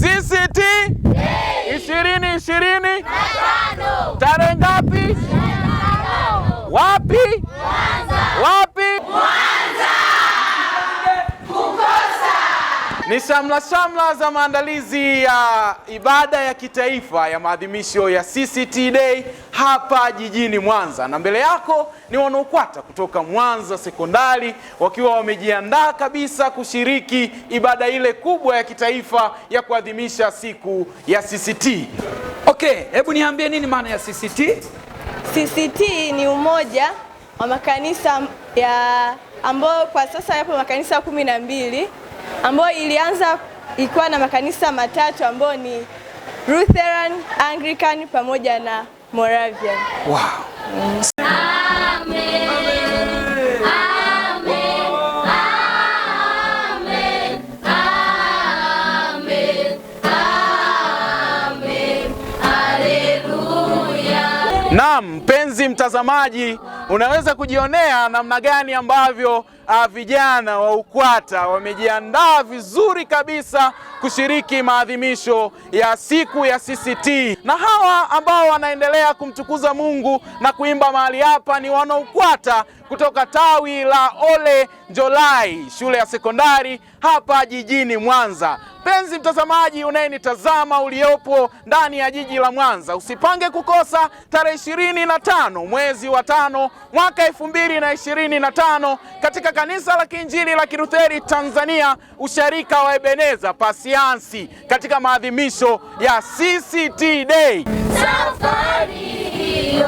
CCT ishirini ishirini tarehe ngapi? Wapi? Ni shamla shamla za maandalizi ya ibada ya kitaifa ya maadhimisho ya CCT Day hapa jijini Mwanza, na mbele yako ni wanaokwata kutoka Mwanza Sekondari wakiwa wamejiandaa kabisa kushiriki ibada ile kubwa ya kitaifa ya kuadhimisha siku ya CCT. Okay, hebu niambie nini maana ya CCT? CCT ni umoja wa makanisa ya ambayo kwa sasa yapo makanisa kumi na mbili ambayo ilianza ikiwa na makanisa matatu ambayo ni Lutheran, Anglican pamoja na Moravian. Wow. Mm. Naam, mpenzi mtazamaji, unaweza kujionea namna gani ambavyo ah, vijana wa UKWATA wamejiandaa vizuri kabisa kushiriki maadhimisho ya siku ya CCT, na hawa ambao wanaendelea kumtukuza Mungu na kuimba mahali hapa ni wanaokwata kutoka tawi la Ole Njolai shule ya sekondari hapa jijini Mwanza. Mpenzi mtazamaji unayenitazama, uliopo ndani ya jiji la Mwanza, usipange kukosa tarehe ishirini na tano mwezi wa tano mwaka elfu mbili na ishirini na tano katika kanisa la Kiinjili la kirutheri Tanzania, usharika wa Ebeneza pasi sayansi katika maadhimisho ya CCT Day. Safari